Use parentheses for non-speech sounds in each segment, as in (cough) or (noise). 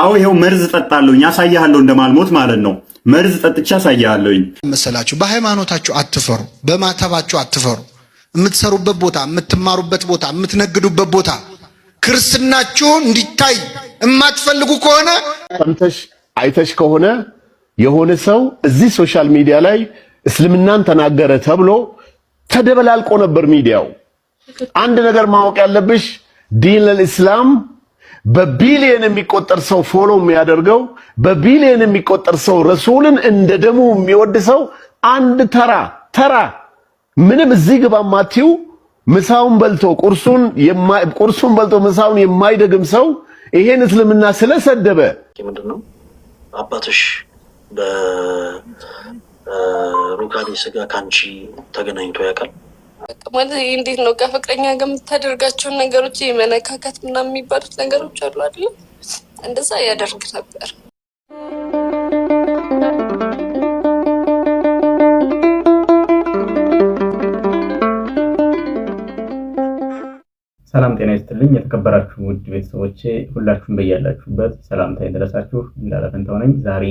አዎ ይኸው መርዝ ጠጣለሁኝ አሳያለሁ፣ እንደማልሞት ማለት ነው። መርዝ ጠጥቼ አሳያለሁኝ መሰላችሁ። በሃይማኖታችሁ አትፈሩ፣ በማተባችሁ አትፈሩ። የምትሰሩበት ቦታ፣ የምትማሩበት ቦታ፣ የምትነግዱበት ቦታ ክርስትናችሁ እንዲታይ የማትፈልጉ ከሆነ ሰምተሽ አይተሽ ከሆነ የሆነ ሰው እዚህ ሶሻል ሚዲያ ላይ እስልምናን ተናገረ ተብሎ ተደበላልቆ ነበር ሚዲያው። አንድ ነገር ማወቅ ያለብሽ ዲን ለልእስላም በቢሊየን የሚቆጠር ሰው ፎሎ የሚያደርገው በቢሊየን የሚቆጠር ሰው ረሱልን እንደ ደሙ የሚወድ ሰው አንድ ተራ ተራ ምንም እዚህ ግባ ማቲው ምሳውን በልቶ ቁርሱን ቁርሱን በልቶ ምሳውን የማይደግም ሰው ይሄን እስልምና ስለሰደበ ምንድን ነው አባትሽ በሩካቤ ስጋ ካንቺ ተገናኝቶ ያውቃል? ማለት እንዴት ነው? ከፍቅረኛ ጋር የምታደርጋቸውን ነገሮች የመነካከት ምናምን የሚባሉት ነገሮች አሉ አይደለም? እንደዛ ያደርግ ነበር። ሰላም ጤና ይስጥልኝ። የተከበራችሁ ውድ ቤተሰቦቼ ሁላችሁም በያላችሁበት ሰላምታ ይድረሳችሁ። እንዳለ ነኝ ዛሬ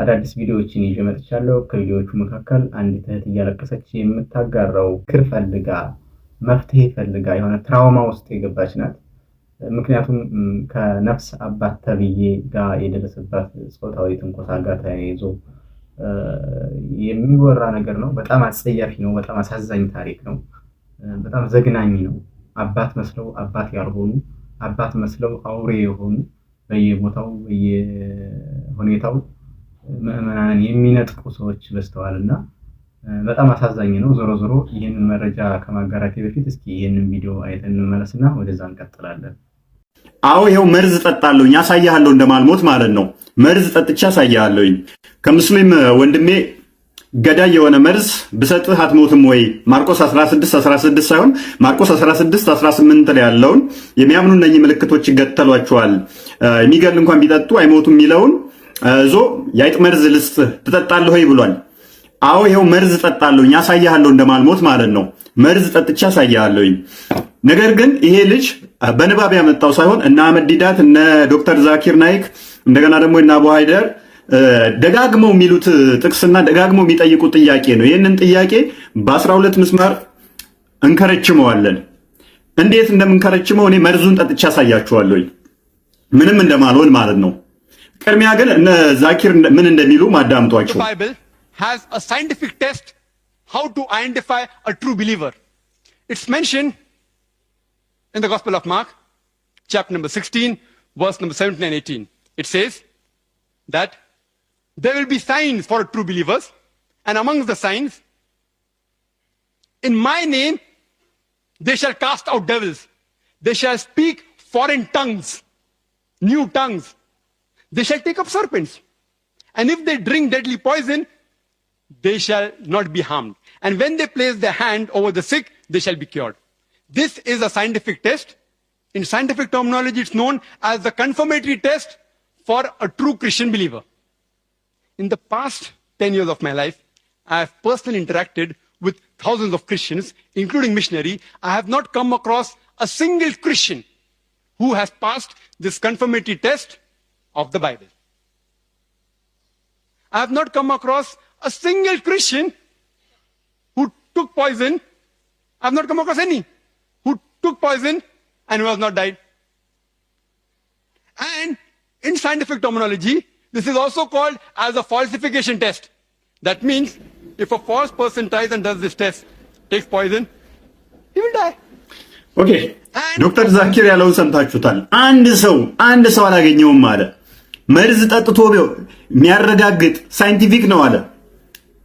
አዳዲስ ቪዲዮዎችን ይዤ መጥቻለሁ። ከቪዲዮዎቹ መካከል አንዲት እህት እያለቀሰች የምታጋራው ክር ፈልጋ መፍትሄ ፈልጋ የሆነ ትራውማ ውስጥ የገባች ናት። ምክንያቱም ከነፍስ አባት ተብዬ ጋር የደረሰባት ፆታዊ ትንኮሳ ጋር ተያይዞ የሚወራ ነገር ነው። በጣም አጸያፊ ነው። በጣም አሳዛኝ ታሪክ ነው። በጣም ዘግናኝ ነው። አባት መስለው አባት ያልሆኑ አባት መስለው አውሬ የሆኑ በየቦታው በየሁኔታው ምዕመናንን የሚነጥቁ ሰዎች በዝተዋልና በጣም አሳዛኝ ነው። ዞሮ ዞሮ ይህንን መረጃ ከማጋራቴ በፊት እስኪ ይህንን ቪዲዮ አይተን እንመለስና ወደዛ እንቀጥላለን። አዎ ይኸው መርዝ ጠጣለሁኝ አሳያለሁ፣ እንደማልሞት ማለት ነው። መርዝ ጠጥቼ አሳያለሁኝ። ከሙስሊም ወንድሜ ገዳይ የሆነ መርዝ ብሰጥህ አትሞትም ወይ? ማርቆስ 16 16 ሳይሆን ማርቆስ 16 18 ላይ ያለውን የሚያምኑ እነኚህ ምልክቶች ይገተሏቸዋል፣ የሚገል እንኳን ቢጠጡ አይሞቱም የሚለውን ዞ የአይጥ መርዝ ልስጥህ ትጠጣለህ ወይ ብሏል። አዎ ይኸው መርዝ ጠጣለሁኝ፣ አሳያለሁ እንደማልሞት ማለት ነው። መርዝ ጠጥቼ አሳያለሁኝ። ነገር ግን ይሄ ልጅ በንባብ ያመጣው ሳይሆን እነ አህመድ እነ ዶክተር ዛኪር ናይክ እንደገና ደግሞ እነ አቡ ደጋግመው የሚሉት ጥቅስና ደጋግመው የሚጠይቁት ጥያቄ ነው። ይህንን ጥያቄ በ12 ምስማር እንከረችመዋለን። እንዴት እንደምንከረችመው እኔ መርዙን ጠጥቼ አሳያችኋለሁኝ፣ ምንም እንደማልሆን ማለት ነው። The Bible has a scientific test how to identify a true believer. It's mentioned in the Gospel of Mark, chapter number 16 verse number 17 and 18. It says that there will be signs for true believers, and amongst the signs, in my name, they shall cast out devils, they shall speak foreign tongues, new tongues, they shall take up serpents. And if they drink deadly poison, they shall not be harmed. And when they place their hand over the sick, they shall be cured. This is a scientific test. In scientific terminology, it's known as the confirmatory test for a true Christian believer. In the past 10 years of my life, I have personally interacted with thousands of Christians, including missionary. I have not come across a single Christian who has passed this confirmatory test of the Bible. I have not come across a single Christian who took poison. I have not come across any who took poison and who has not died. And in scientific terminology, this is also called as a falsification test. That means if a false person tries and does this test, takes poison, he will die. ኦኬ ዶክተር ዛኪር ያለውን ሰምታችሁታል። አንድ ሰው አንድ ሰው አላገኘውም አለ። መርዝ ጠጥቶ የሚያረጋግጥ ሳይንቲፊክ ነው አለ።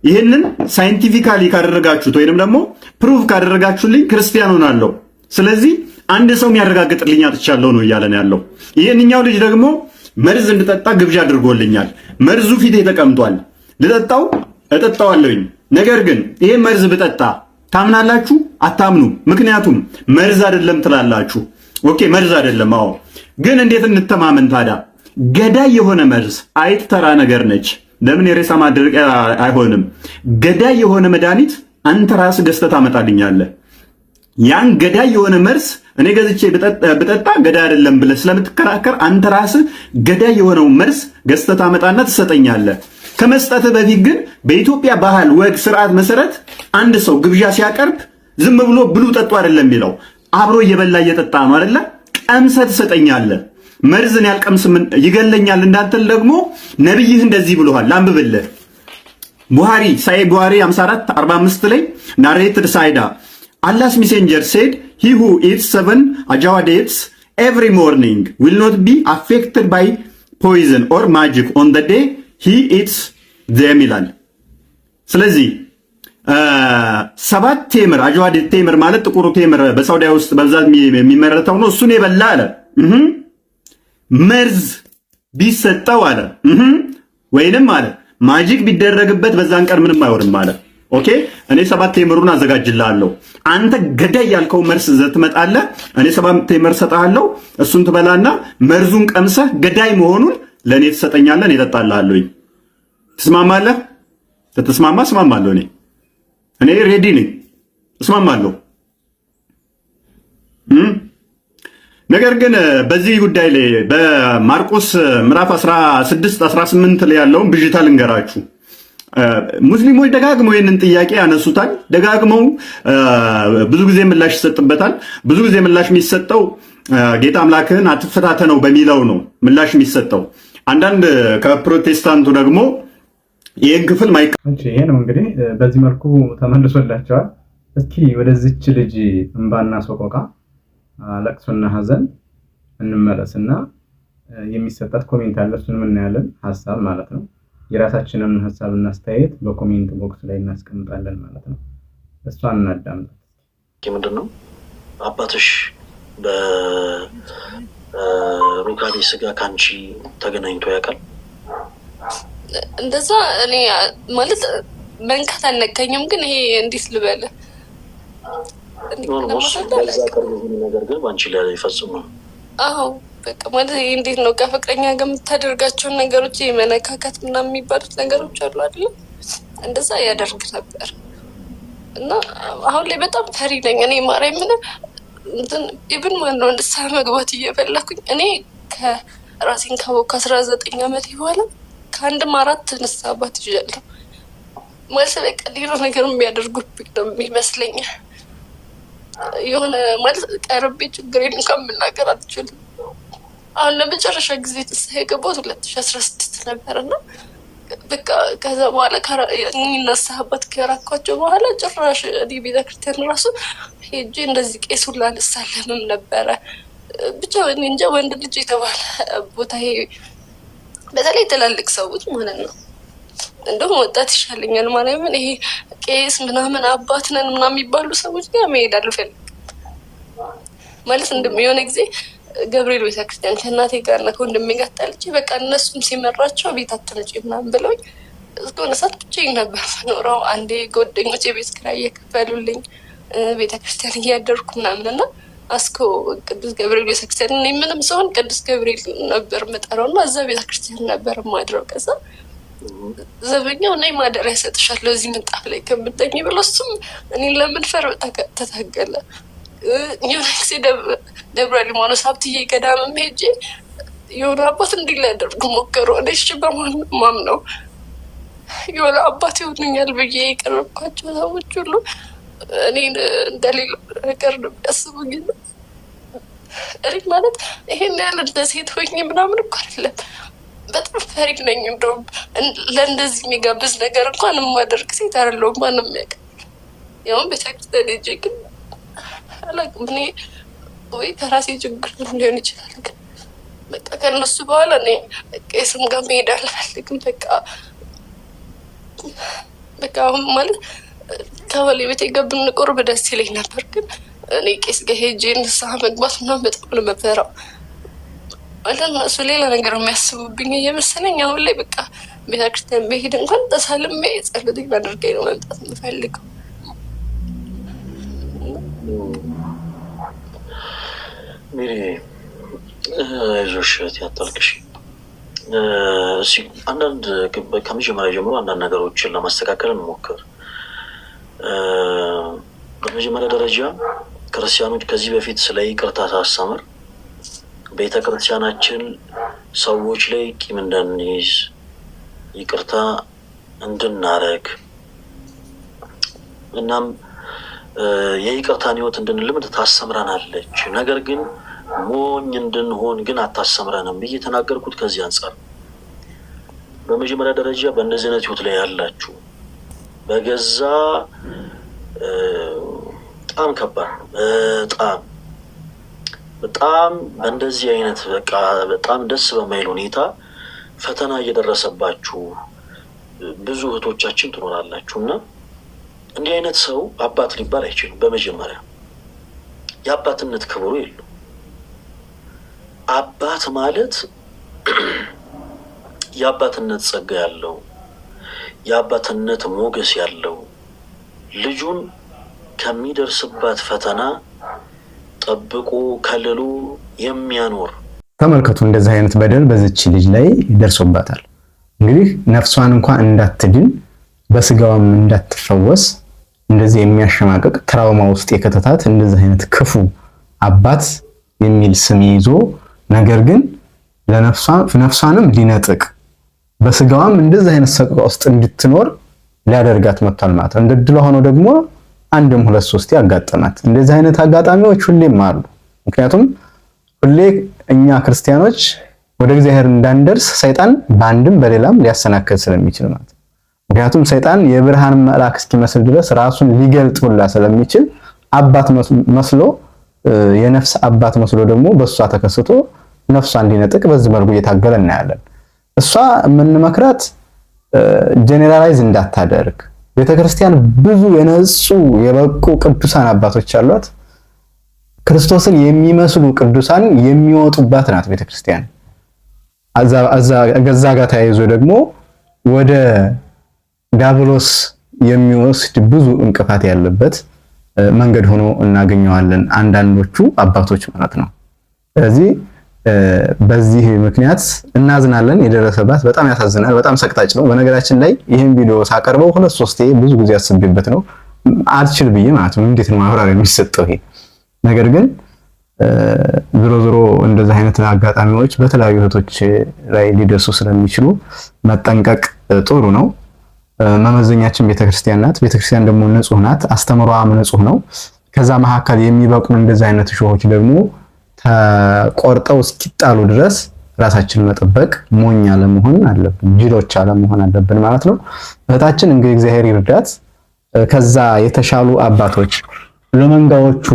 ይህንን ሳይንቲፊካሊ ካደረጋችሁት ወይንም ደግሞ ፕሩፍ ካደረጋችሁልኝ ክርስቲያን ሆናለሁ። ስለዚህ አንድ ሰው የሚያረጋግጥልኝ አጥቻለሁ ነው እያለ ነው ያለው። ይህንኛው ልጅ ደግሞ መርዝ እንድጠጣ ግብዣ አድርጎልኛል። መርዙ ፊቴ ተቀምጧል። ልጠጣው እጠጣዋለሁኝ። ነገር ግን ይሄ መርዝ ብጠጣ ታምናላችሁ? አታምኑ። ምክንያቱም መርዝ አይደለም ትላላችሁ። ኦኬ መርዝ አይደለም። አዎ ግን እንዴት እንተማመን ታዲያ? ገዳይ የሆነ መርዝ አይጥ ተራ ነገር ነች። ለምን የሬሳ ማድረቅ አይሆንም? ገዳይ የሆነ መድኃኒት አንተ ራስ ገዝተህ ታመጣልኛለህ። ያን ገዳይ የሆነ መርዝ እኔ ገዝቼ ብጠጣ ገዳይ አይደለም ብለህ ስለምትከራከር አንተ ራስ ገዳይ የሆነው መርዝ ገዝተህ ታመጣና ትሰጠኛለህ። ከመስጠትህ በፊት ግን በኢትዮጵያ ባህል፣ ወግ፣ ስርዓት መሰረት አንድ ሰው ግብዣ ሲያቀርብ ዝም ብሎ ብሉ ጠጡ አይደለም የሚለው አብሮ እየበላ እየጠጣ ነው አይደለ? ቀምሰህ ትሰጠኛለህ። መርዝን ያልቀምስም ይገለኛል እንዳንተን ደግሞ ነብይህ እንደዚህ ብለዋል። ላንብብልህ ቡሃሪ ሳይ ቡሃሪ 54 45 ላይ ናሬትድ ሳይዳ አላስ ሚሴንጀር ሴድ ሂ ሁ ኢትስ ሰቨን አጃዋዴትስ ኤቭሪ ሞርኒንግ ዊል ኖት ቢ አፌክትድ ባይ ፖይዘን ኦር ማጂክ ኦን ዘ ዴ ሂ ኢትስ ዘም ይላል። ስለዚህ ሰባት ቴምር አጃዋዴት ቴምር ማለት ጥቁሩ ቴምር በሳውዲያ ውስጥ በብዛት የሚመረተው ነው። እሱን የበላ አለ መርዝ ቢሰጠው አለ ወይንም አለ ማጂክ ቢደረግበት በዛን ቀን ምንም አይሆንም አለ። ኦኬ እኔ ሰባት ቴምሩን አዘጋጅልሃለሁ። አንተ ገዳይ ያልከው መርስ ይዘህ ትመጣለህ። እኔ ሰባት ቴምር እሰጥሃለሁ። እሱን ትበላና መርዙን ቀምሰህ ገዳይ መሆኑን ለእኔ ትሰጠኛለህ። እኔ እጠጣልሃለሁኝ። ትስማማለህ? ትስማማ? እስማማለሁ። እኔ እኔ ሬዲ ነኝ። እስማማለሁ። ነገር ግን በዚህ ጉዳይ ላይ በማርቆስ ምዕራፍ 16 18 ላይ ያለውን ብዥታ ልንገራችሁ። ሙስሊሞች ደጋግመው ይህንን ጥያቄ ያነሱታል። ደጋግመው ብዙ ጊዜ ምላሽ ይሰጥበታል። ብዙ ጊዜ ምላሽ የሚሰጠው ጌታ አምላክህን አትፈታተነው በሚለው ነው ምላሽ የሚሰጠው። አንዳንድ ከፕሮቴስታንቱ ደግሞ ይህን ክፍል ማይ ይሄ ነው እንግዲህ በዚህ መልኩ ተመልሶላቸዋል። እስኪ ወደዚች ልጅ እንባና ሶቆቃ ለቅሶና ሀዘን እንመለስና የሚሰጣት ኮሜንት አለ። እሱንም እናያለን ሀሳብ ማለት ነው። የራሳችንን ሀሳብ እና በኮሜንት ቦክስ ላይ እናስቀምጣለን ማለት ነው። እሷን እናዳምጣት። ምንድን ነው አባትሽ በሩካቤ ስጋ ከአንቺ ተገናኝቶ ያውቃል? እንደዛ እኔ ማለት መንካት አልነካኝም፣ ግን ይሄ እንዴት ልበለ በዛ ነገር ግን በአንቺ ላይ ይፈጽሙ። አዎ በቃ ማለት እንዴት ነው ከፍቅረኛ ጋር የምታደርጋቸውን ነገሮች የመነካከት ምናምን የሚባሉት ነገሮች አሉ አይደለም? እንደዛ ያደርግ ነበር እና አሁን ላይ በጣም ፈሪ ነኝ እኔ ማርያም ምንም እንትን ኢብን ነው እንድሳ መግባት እየፈለኩኝ እኔ ከራሴን ከቦካ አስራ ዘጠኝ ዓመት በኋላ ከአንድም አራት ንስሐ አባት ይዣለሁ። ማለት በቃ ሌላ ነገር የሚያደርጉብኝ ነው የሚመስለኛል። የሆነ ማለት ቀርቤ ችግር እንኳን መናገር አትችልም። አሁን ለመጨረሻ ጊዜ ንስሐ የገባሁት ሁለት ሺ አስራ ስድስት ነበር እና በቃ ከዛ በኋላ እነሳህበት ከራኳቸው በኋላ ጭራሽ እኔ ቤተክርስቲያን ራሱ ሄጄ እንደዚህ ቄሱ ሁላ ነበረ። ብቻ እንጃ ወንድ ልጅ የተባለ ቦታ ይሄ በተለይ ትላልቅ ሰዎች ማለት ነው እንደውም ወጣት ይሻለኛል ማርያምን። ይሄ ቄስ ምናምን አባትነን ነን ምናምን የሚባሉ ሰዎች ጋር መሄድ አልፈልግም ማለት እንደም የሆነ ጊዜ ገብርኤል ቤተክርስቲያን ከእናቴ ጋር እና ከወንድሜ ጋር ታልቼ በቃ እነሱም ሲመራቸው ቤት አትመጪ ምናምን ብለውኝ እስከሆነ ሰዓት ብቻዬን ነበር መኖረው። አንዴ ጓደኞቼ የቤት ኪራይ እየከፈሉልኝ ቤተክርስቲያን እያደርኩ ምናምን እና አስኮ ቅዱስ ገብርኤል ቤተክርስቲያን እኔ ምንም ሰውን ቅዱስ ገብርኤል ነበር የምጠራው እና እዛ ቤተክርስቲያን ነበር የማድረው ከዛ ዘበኛው እና ማደሪያ ይሰጥሻል እዚህ ምንጣፍ ላይ ከምተኝ ብሎ እሱም እኔ ለምንፈር ተታገለ። የሆነ ጊዜ ደብረ ሊማኖስ ሀብትዬ ገዳምም ሄጄ የሆነ አባት እንዲህ ሊያደርጉ ሞከሩ። እኔ እሺ በማንም ነው የሆነ አባት ይሆኑኛል ብዬ የቀረብኳቸው ሰዎች ሁሉ እኔ እንደሌለው ነገር ነው የሚያስቡኝ። እኔ ማለት ይሄን ያህል እንደ ሴት ሆኜ ምናምን እኮ አይደለም በጣም ፈሪድ ነኝ። እንደውም ለእንደዚህ የሚጋብዝ ነገር እንኳን የማደርግ ሴት አይደለሁም። ማንም ያውቅ ያሁን ቤተክርስቲያን ሄጄ ግን አላውቅም። እኔ ወይ ከራሴ ችግር ሊሆን ይችላል። ግን በቃ ከእነሱ በኋላ እኔ በቃ የስም ጋር መሄድ አልፈልግም። በቃ በቃ አሁን ማለት ከወሌ ቤቴ ጋር ብንቆርብ ደስ ይለኝ ነበር። ግን እኔ ቄስ ጋር ሄጄ ንስሐ መግባት ምናምን በጣም ነው የምፈራው። ወላሂ እሱ ሌላ ነገር የሚያስቡብኝ እየመሰለኝ አሁን ላይ በቃ ቤተክርስቲያን በሄድ እንኳን ተሳልሜ ጸሎት ባደርገኝ ነው መምጣት የምፈልገው። እንግዲህ አይዞሽ እህቴ አንዳንድ ከመጀመሪያ ጀምሮ አንዳንድ ነገሮችን ለማስተካከል እንሞክር። በመጀመሪያ ደረጃ ክርስቲያኖች ከዚህ በፊት ስለ ይቅርታ ሳስተምር ቤተ ክርስቲያናችን ሰዎች ላይ ቂም እንዳንይዝ ይቅርታ እንድናረግ እናም የይቅርታን ህይወት እንድንልምድ ታስተምረናለች። ነገር ግን ሞኝ እንድንሆን ግን አታስተምረንም ብዬ የተናገርኩት ከዚህ አንጻር በመጀመሪያ ደረጃ በእነዚህ አይነት ህይወት ላይ ያላችሁ በገዛ በጣም ከባድ ነው በጣም በጣም በእንደዚህ አይነት በቃ በጣም ደስ በማይል ሁኔታ ፈተና እየደረሰባችሁ ብዙ እህቶቻችን ትኖራላችሁ እና እንዲህ አይነት ሰው አባት ሊባል አይችልም። በመጀመሪያ የአባትነት ክብሩ የለው። አባት ማለት (clears throat) የአባትነት ጸጋ ያለው የአባትነት ሞገስ ያለው ልጁን ከሚደርስባት ፈተና ጠብቁ፣ ከልሉ የሚያኖር ተመልከቱ። እንደዚህ አይነት በደል በዚች ልጅ ላይ ደርሶባታል። እንግዲህ ነፍሷን እንኳን እንዳትድን በስጋዋም እንዳትፈወስ እንደዚህ የሚያሸማቀቅ ትራውማ ውስጥ የከተታት እንደዚህ አይነት ክፉ አባት የሚል ስም ይዞ ነገር ግን ነፍሷንም ሊነጥቅ በስጋዋም እንደዚህ አይነት ሰቆቃ ውስጥ እንድትኖር ሊያደርጋት መጥቷል ማለት ነው። እንደ ድሏ ሆኖ ደግሞ አንድም ሁለት ሶስቴ አጋጠማት። እንደዚህ አይነት አጋጣሚዎች ሁሌም አሉ። ምክንያቱም ሁሌ እኛ ክርስቲያኖች ወደ እግዚአብሔር እንዳንደርስ ሰይጣን በአንድም በሌላም ሊያሰናክል ስለሚችል ማለት ነው። ምክንያቱም ሰይጣን የብርሃን መልአክ እስኪመስል ድረስ ራሱን ሊገልጥ ሁላ ስለሚችል አባት መስሎ የነፍስ አባት መስሎ ደግሞ በእሷ ተከስቶ ነፍሷ እንዲነጥቅ በዚህ መልኩ እየታገለ እናያለን። እሷ የምንመክራት ጀኔራላይዝ እንዳታደርግ ቤተ ክርስቲያን ብዙ የነጹ የበቁ ቅዱሳን አባቶች አሏት። ክርስቶስን የሚመስሉ ቅዱሳን የሚወጡባት ናት ቤተ ክርስቲያን። ከዛ ጋር ተያይዞ ደግሞ ወደ ዳብሎስ የሚወስድ ብዙ እንቅፋት ያለበት መንገድ ሆኖ እናገኘዋለን፣ አንዳንዶቹ አባቶች ማለት ነው። ስለዚህ በዚህ ምክንያት እናዝናለን። የደረሰባት በጣም ያሳዝናል። በጣም ሰቅጣጭ ነው። በነገራችን ላይ ይህን ቪዲዮ ሳቀርበው ሁለት ሶስቴ ብዙ ጊዜ አስቤበት ነው አልችል ብዬ ማለት ነው። እንዴት ነው ማብራሪያ የሚሰጠው ይሄ ነገር? ግን ዝሮ ዝሮ እንደዚህ አይነት አጋጣሚዎች በተለያዩ እህቶች ላይ ሊደርሱ ስለሚችሉ መጠንቀቅ ጥሩ ነው። መመዘኛችን ቤተክርስቲያን ናት። ቤተክርስቲያን ደግሞ ንጹህ ናት። አስተምሯም ንጹህ ነው። ከዛ መካከል የሚበቅሉ እንደዚህ አይነት እሾሆች ደግሞ ተቆርጠው እስኪጣሉ ድረስ ራሳችን መጠበቅ ሞኝ አለመሆን አለብን፣ ጅሎች አለመሆን አለብን ማለት ነው። እህታችን እንግዲህ እግዚአብሔር ይርዳት። ከዛ የተሻሉ አባቶች ለመንጋዎቹ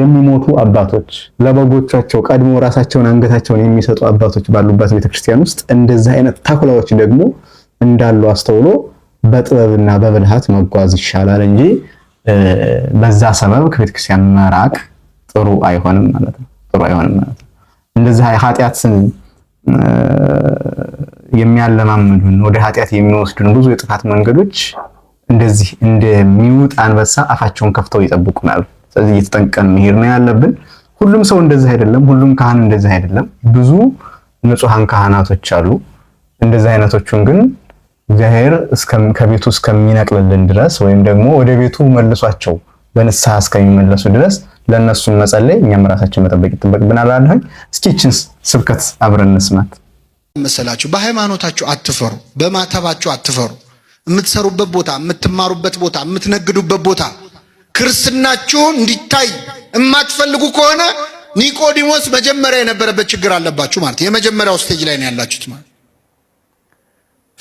የሚሞቱ አባቶች ለበጎቻቸው ቀድሞ ራሳቸውን አንገታቸውን የሚሰጡ አባቶች ባሉበት ቤተክርስቲያን ውስጥ እንደዚህ አይነት ተኩላዎች ደግሞ እንዳሉ አስተውሎ በጥበብና በብልሃት መጓዝ ይሻላል እንጂ በዛ ሰበብ ከቤተክርስቲያን መራቅ ጥሩ አይሆንም ማለት ነው። ጥሩ አይሆንም ማለት ነው። እንደዚህ ኃጢአት የሚያለማምዱን ወደ ኃጢአት የሚወስዱን ብዙ የጥፋት መንገዶች እንደዚህ እንደሚውጥ አንበሳ አፋቸውን ከፍተው ይጠብቁናል። ስለዚህ እየተጠንቀን መሄድ ነው ያለብን። ሁሉም ሰው እንደዚህ አይደለም። ሁሉም ካህን እንደዚህ አይደለም። ብዙ ንጹሐን ካህናቶች አሉ። እንደዚህ አይነቶቹን ግን እግዚአብሔር ከቤቱ እስከሚነቅልልን ድረስ ወይም ደግሞ ወደ ቤቱ መልሷቸው በንስሐ እስከሚመለሱ ድረስ ለእነሱም መጸለይ እኛም ራሳችን መጠበቅ ይጠበቅብናል። አላለሁኝ እስኪ ስብከት አብረን እንስማት። መሰላችሁ በሃይማኖታችሁ አትፈሩ፣ በማተባችሁ አትፈሩ። የምትሰሩበት ቦታ፣ የምትማሩበት ቦታ፣ የምትነግዱበት ቦታ ክርስትናችሁ እንዲታይ የማትፈልጉ ከሆነ ኒቆዲሞስ መጀመሪያ የነበረበት ችግር አለባችሁ ማለት የመጀመሪያው ስቴጅ ላይ ነው ያላችሁት ማለት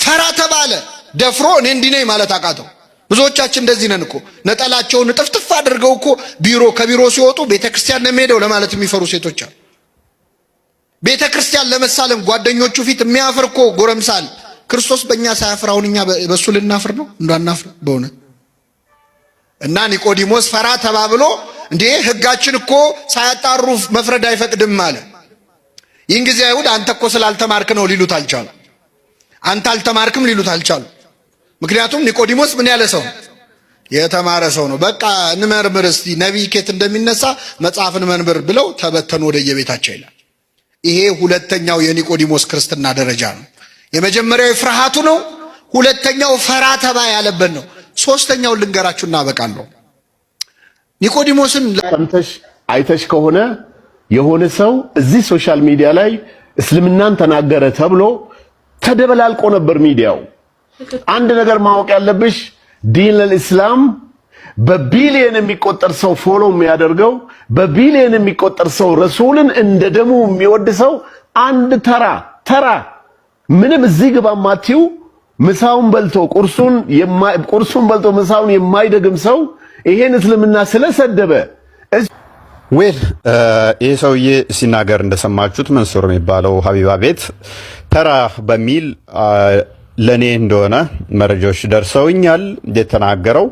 ፈራ ተባለ ደፍሮ እኔ እንዲህ ነኝ ማለት አቃተው ብዙዎቻችን እንደዚህ ነን እኮ ነጠላቸውን ጥፍጥፍ አድርገው እኮ ቢሮ ከቢሮ ሲወጡ ቤተ ክርስቲያን ነው ለማለት የሚፈሩ ሴቶች አሉ። ቤተ ክርስቲያን ለመሳለም ጓደኞቹ ፊት የሚያፍር እኮ ጎረምሳል። ክርስቶስ በእኛ ሳያፍር አሁን እኛ በእሱ ልናፍር ነው? እንዳናፍር በእውነት እና ኒቆዲሞስ ፈራ ተባብሎ እንዴ ህጋችን እኮ ሳያጣሩ መፍረድ አይፈቅድም አለ። ይህን ጊዜ አይሁድ አንተ እኮ ስላልተማርክ ነው ሊሉት አልቻሉ። አንተ አልተማርክም ሊሉት አልቻሉ። ምክንያቱም ኒቆዲሞስ ምን ያለ ሰው የተማረ ሰው ነው። በቃ እንመርምር እስቲ ነቢይ ኬት እንደሚነሳ መጽሐፍን መንብር ብለው ተበተኑ የቤታቸው ይላል። ይሄ ሁለተኛው የኒቆዲሞስ ክርስትና ደረጃ ነው። የመጀመሪያው ፍርሃቱ ነው። ሁለተኛው ፈራ ተባ ያለበት ነው። ሶስተኛውን ልንገራችሁ እናበቃለሁ። ኒቆዲሞስን ሰምተሽ አይተሽ ከሆነ የሆነ ሰው እዚህ ሶሻል ሚዲያ ላይ እስልምናን ተናገረ ተብሎ ተደበላልቆ ነበር ሚዲያው አንድ ነገር ማወቅ ያለብሽ ዲን ልእስላም በቢሊየን የሚቆጠር ሰው ፎሎ የሚያደርገው በቢሊየን የሚቆጠር ሰው ረሱልን እንደ ደሙ የሚወድ ሰው አንድ ተራ ተራ ምንም እዚህ ግባ ማቲው ምሳውን በልቶ ቁርሱን ቁርሱን በልቶ ምሳውን የማይደግም ሰው ይሄን እስልምና ስለሰደበ ዌል ይሄ ሰውዬ ሲናገር እንደሰማችሁት መንሱር የሚባለው ሀቢባ ቤት ተራ በሚል ለእኔ እንደሆነ መረጃዎች ደርሰውኛል። የተናገረው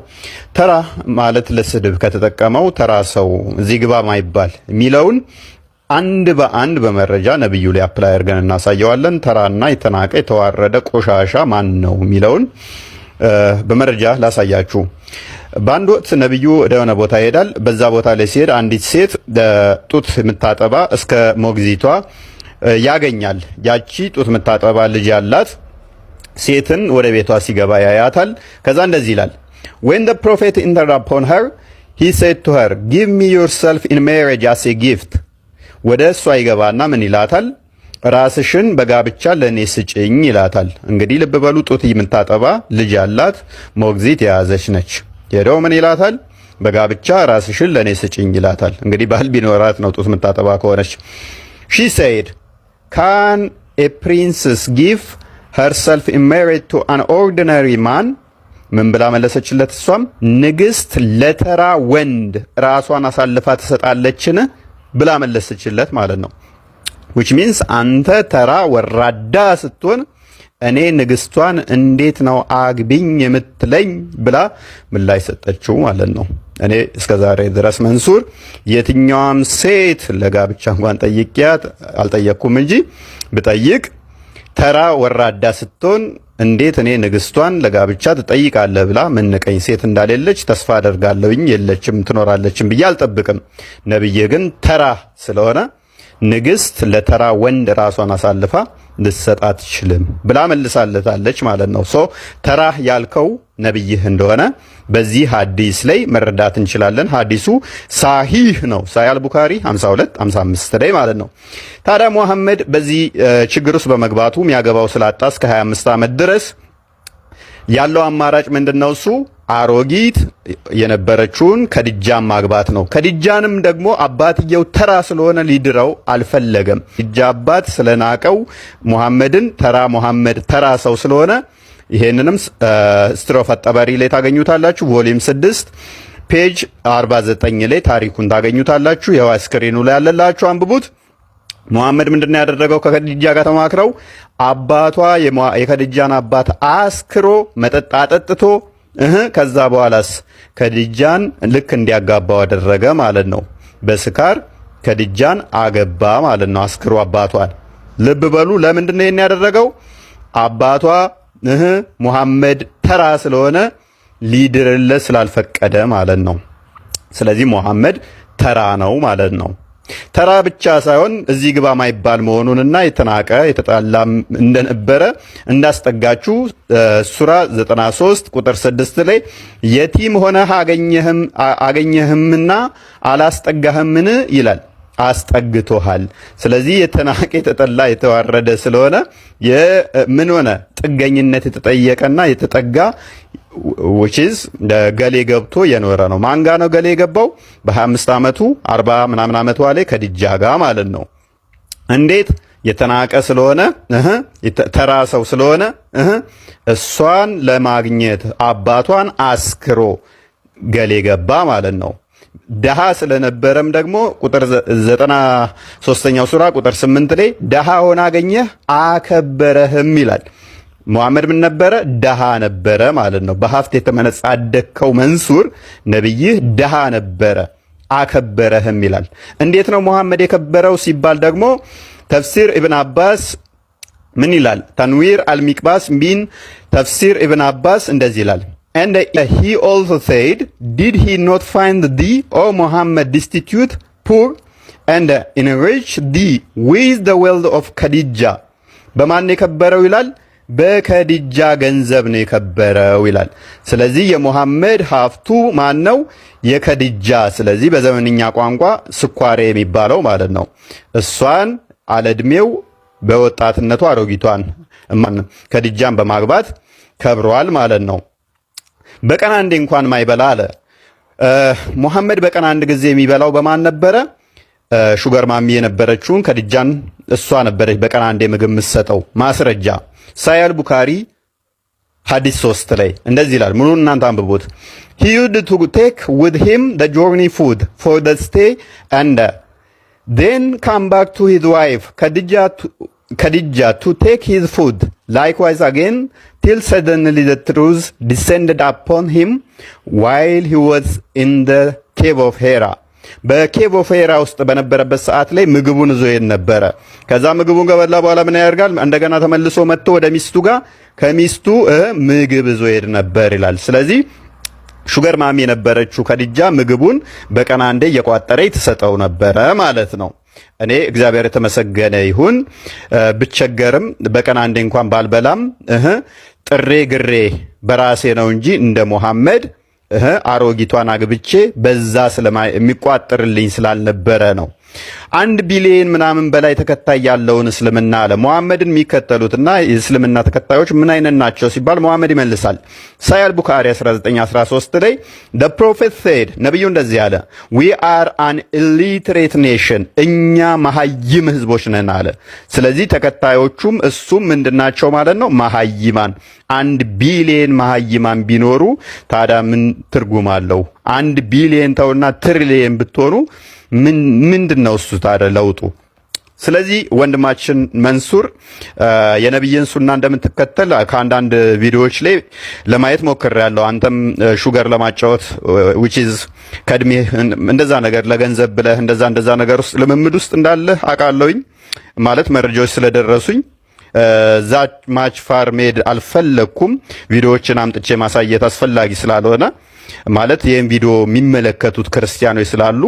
ተራ ማለት ለስድብ ከተጠቀመው ተራ ሰው እዚህ ግባ ማይባል የሚለውን አንድ በአንድ በመረጃ ነብዩ ላይ አፕላይ አድርገን እናሳየዋለን። ተራና የተናቀ የተዋረደ ቆሻሻ ማን ነው የሚለውን በመረጃ ላሳያችሁ። በአንድ ወቅት ነብዩ ሆነ ቦታ ይሄዳል። በዛ ቦታ ላይ ሲሄድ አንዲት ሴት ጡት የምታጠባ እስከ ሞግዚቷ ያገኛል። ያቺ ጡት የምታጠባ ልጅ ያላት ሴትን ወደ ቤቷ ሲገባ ያያታል። ከዛ እንደዚህ ይላል ወን ዘ ፕሮፌት ኢንተርድ አፖን ሄር ሂ ሴድ ቱ ጊቭ ሚ ሰልፍ ኢን ሜሬጅ አስ ኤ ጊፍት። ወደ እሷ ይገባና ምን ይላታል? ራስሽን በጋብቻ ለእኔ ስጭኝ ይላታል። እንግዲህ ልብ በሉ፣ ጡት የምታጠባ ልጅ ያላት ሞግዚት የያዘች ነች። ሄደው ምን ይላታል? በጋብቻ ራስሽን ለእኔ ስጭኝ ይላታል። እንግዲህ ባል ቢኖራት ነው ጡት የምታጠባ ከሆነች። ሺ ሴድ ካን ኤ ፕሪንስስ ጊፍ ሄርሰልፍ ኢሜሪድ ቱ አን ኦርዲናሪ ማን ምን ብላ መለሰችለት? እሷም ንግስት ለተራ ወንድ ራሷን አሳልፋ ትሰጣለችን ብላ መለሰችለት ማለት ነው። ዊች ሚንስ አንተ ተራ ወራዳ ስትሆን እኔ ንግስቷን እንዴት ነው አግቢኝ የምትለኝ ብላ ምላሽ ሰጠችው ማለት ነው። እኔ እስከ ዛሬ ድረስ መንሱር የትኛዋም ሴት ለጋብቻ እንኳን ጠይቂያት አልጠየቅኩም እንጂ ብጠይቅ ተራ ወራዳ ስትሆን እንዴት እኔ ንግስቷን ለጋብቻ ትጠይቃለህ ብላ ምንቀኝ ሴት እንዳሌለች ተስፋ አደርጋለሁኝ። የለችም ትኖራለችም ብዬ አልጠብቅም። ነብዬ ግን ተራ ስለሆነ ንግስት ለተራ ወንድ ራሷን አሳልፋ ልትሰጥ አትችልም ብላ መልሳለታለች ማለት ነው። ሶ ተራህ ያልከው ነብይህ እንደሆነ በዚህ ሀዲስ ላይ መረዳት እንችላለን። ሀዲሱ ሳሂህ ነው። ሳይ አልቡካሪ 52 55 ላይ ማለት ነው። ታዲያ ሙሐመድ በዚህ ችግር ውስጥ በመግባቱ የሚያገባው ስላጣ እስከ 25 ዓመት ድረስ ያለው አማራጭ ምንድን ነው? እሱ አሮጊት የነበረችውን ከድጃን ማግባት ነው። ከድጃንም ደግሞ አባትየው ተራ ስለሆነ ሊድረው አልፈለገም። ድጃ አባት ስለናቀው ሙሐመድን ተራ ሙሐመድ ተራ ሰው ስለሆነ ይሄንንም ስትሮፍ አጠባሪ ላይ ታገኙታላችሁ። ቮሊም 6 ፔጅ 49 ላይ ታሪኩን ታገኙታላችሁ። የዋ ስክሪኑ ላይ ያለላችሁ አንብቡት። ሙሐመድ ምንድነው ያደረገው? ከከድጃ ጋር ተማክረው አባቷ የከድጃን አባት አስክሮ መጠጥ አጠጥቶ እህ ከዛ በኋላስ ከድጃን ልክ እንዲያጋባው አደረገ ማለት ነው። በስካር ከድጃን አገባ ማለት ነው። አስክሮ አባቷን ልብ በሉ። ለምንድን ነው ይሄን ያደረገው? አባቷ እህ ሙሐመድ ተራ ስለሆነ ሊድርለት ስላልፈቀደ ማለት ነው። ስለዚህ ሙሐመድ ተራ ነው ማለት ነው። ተራ ብቻ ሳይሆን እዚህ ግባ ማይባል መሆኑንና የተናቀ የተጣላም እንደነበረ እንዳስጠጋችሁ ሱራ 93 ቁጥር 6 ላይ የቲም ሆነ አገኘህምና አላስጠጋህምን ይላል። አስጠግቶሃል። ስለዚህ የተናቀ የተጠላ የተዋረደ ስለሆነ ምን ሆነ? ጥገኝነት የተጠየቀና የተጠጋ ዊችዝ ገሌ ገብቶ የኖረ ነው። ማንጋ ነው ገሌ የገባው በ25 ዓመቱ 40 ምናምን ዓመቷ ላይ ከድጃ ጋር ማለት ነው። እንዴት የተናቀ ስለሆነ ተራ ሰው ስለሆነ እሷን ለማግኘት አባቷን አስክሮ ገሌ ገባ ማለት ነው። ደሃ ስለነበረም ደግሞ ቁጥር 93ኛው ሱራ ቁጥር 8 ላይ ደሃ ሆነ አገኘህ አከበረህም ይላል። ሙሐመድ ምን ነበረ? ደሃ ነበረ ማለት ነው። በሀብት የተመነጻደከው መንሱር ነብይህ ደሃ ነበረ አከበረህም ይላል። እንዴት ነው ሙሐመድ የከበረው ሲባል ደግሞ ተፍሲር ኢብን አባስ ምን ይላል? ተንዊር አልሚቅባስ ሚን ተፍሲር ኢብን አባስ እንደዚህ ይላል And he also said, did he not find thee, O Muhammad, destitute, poor, and enrich thee with the wealth of Khadija? በማን የከበረው ይላል በከዲጃ ገንዘብ ነው የከበረው ይላል። ስለዚህ የሙሐመድ ሀፍቱ ማን ነው? የከዲጃ ስለዚህ በዘመንኛ ቋንቋ ስኳሬ የሚባለው ማለት ነው። እሷን አለድሜው በወጣትነቱ አሮጊቷን ከዲጃን በማግባት ከብሯል ማለት ነው። በቀን አንዴ እንኳን ማይበላ አለ ሙሐመድ። በቀን አንድ ጊዜ የሚበላው በማን ነበረ? ሹገር ማሚ የነበረችውን ከዲጃን እሷ ነበረች በቀን አንዴ ምግብ የምትሰጠው ማስረጃ ሳያል ቡካሪ ሐዲስ ሶስት ላይ እንደዚህ ይላል። ምኑን እናንተ አንብቡት። ሂ ውድ ቱ ቴክ ዊዝ ሂም ዘ ጆርኒ ፉድ ፎር ዘ ስቴ አንድ ዴን ካም ባክ ቱ ሂዝ ዋይፍ ከዲጃ ቱ ቴክ ሂዝ ፉድ ላይክዋይዝ አጌን ቲል ሰደንሊ ዘ ትሩዝ ዲሰንድድ አፖን ሂም ዋይል ሂ ዋዝ ኢን ዘ ኬቭ ኦፍ ሄራ በኬቮ ፌራ ውስጥ በነበረበት ሰዓት ላይ ምግቡን ይዞ ይሄድ ነበረ። ከዛ ምግቡን ከበላ በኋላ ምን ያደርጋል? እንደገና ተመልሶ መጥቶ ወደ ሚስቱ ጋር ከሚስቱ ምግብ ይዞ ይሄድ ነበር ይላል። ስለዚህ ሹገር ማሚ የነበረችው ከድጃ ምግቡን በቀን አንዴ እየቋጠረ ትሰጠው ነበረ ማለት ነው። እኔ እግዚአብሔር የተመሰገነ ይሁን ብቸገርም በቀን አንዴ እንኳን ባልበላም ጥሬ ግሬ በራሴ ነው እንጂ እንደ ሙሐመድ አሮጊቷን አግብቼ በዛ የሚቋጥርልኝ ስላልነበረ ነው። አንድ ቢሊየን ምናምን በላይ ተከታይ ያለውን እስልምና አለ ሙሐመድን የሚከተሉትና የእስልምና ተከታዮች ምን አይነት ናቸው ሲባል ሙሐመድ ይመልሳል። ሳይ አል ቡኻሪ 1913 ላይ the ፕሮፌት said ነብዩ እንደዚህ አለ ዊ አር አን ኢሊትሬት ኔሽን እኛ መሀይም ህዝቦች ነን አለ። ስለዚህ ተከታዮቹም እሱም ምንድናቸው ማለት ነው መሀይማን። አንድ ቢሊየን መሀይማን ቢኖሩ ታዲያ ምን ትርጉም አለው? አንድ ቢሊየን ተውና ትሪሊየን ብትሆኑ ምንድን ነው እሱ ታዲያ ለውጡ? ስለዚህ ወንድማችን መንሱር የነቢይን ሱና እንደምትከተል ከአንዳንድ ቪዲዮዎች ላይ ለማየት ያለው አንተም ሹገር ለማጫወት which is እንደዛ ነገር ለገንዘብ ብለህ እንደዛ እንደዛ ነገር ውስጥ ልምምድ ውስጥ እንዳለህ አውቃለሁኝ። ማለት መረጃዎች ስለደረሱኝ ዛ ማች ፋር መሄድ አልፈለኩም። ቪዲዮዎችን አምጥቼ ማሳየት አስፈላጊ ስላልሆነ ማለት ይህን ቪዲዮ የሚመለከቱት ክርስቲያኖች ስላሉ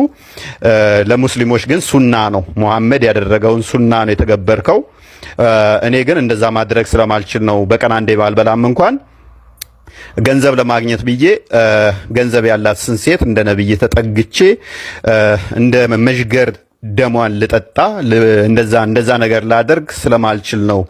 ለሙስሊሞች ግን ሱና ነው፣ ሙሐመድ ያደረገውን ሱና ነው የተገበርከው። እኔ ግን እንደዛ ማድረግ ስለማልችል ነው በቀን አንዴ ባልበላም እንኳን ገንዘብ ለማግኘት ብዬ ገንዘብ ያላት ሴት እንደ ነብይ ተጠግቼ እንደ መዥገር ደሟን ልጠጣ እንደዛ እንደዛ ነገር ላደርግ ስለማልችል ነው።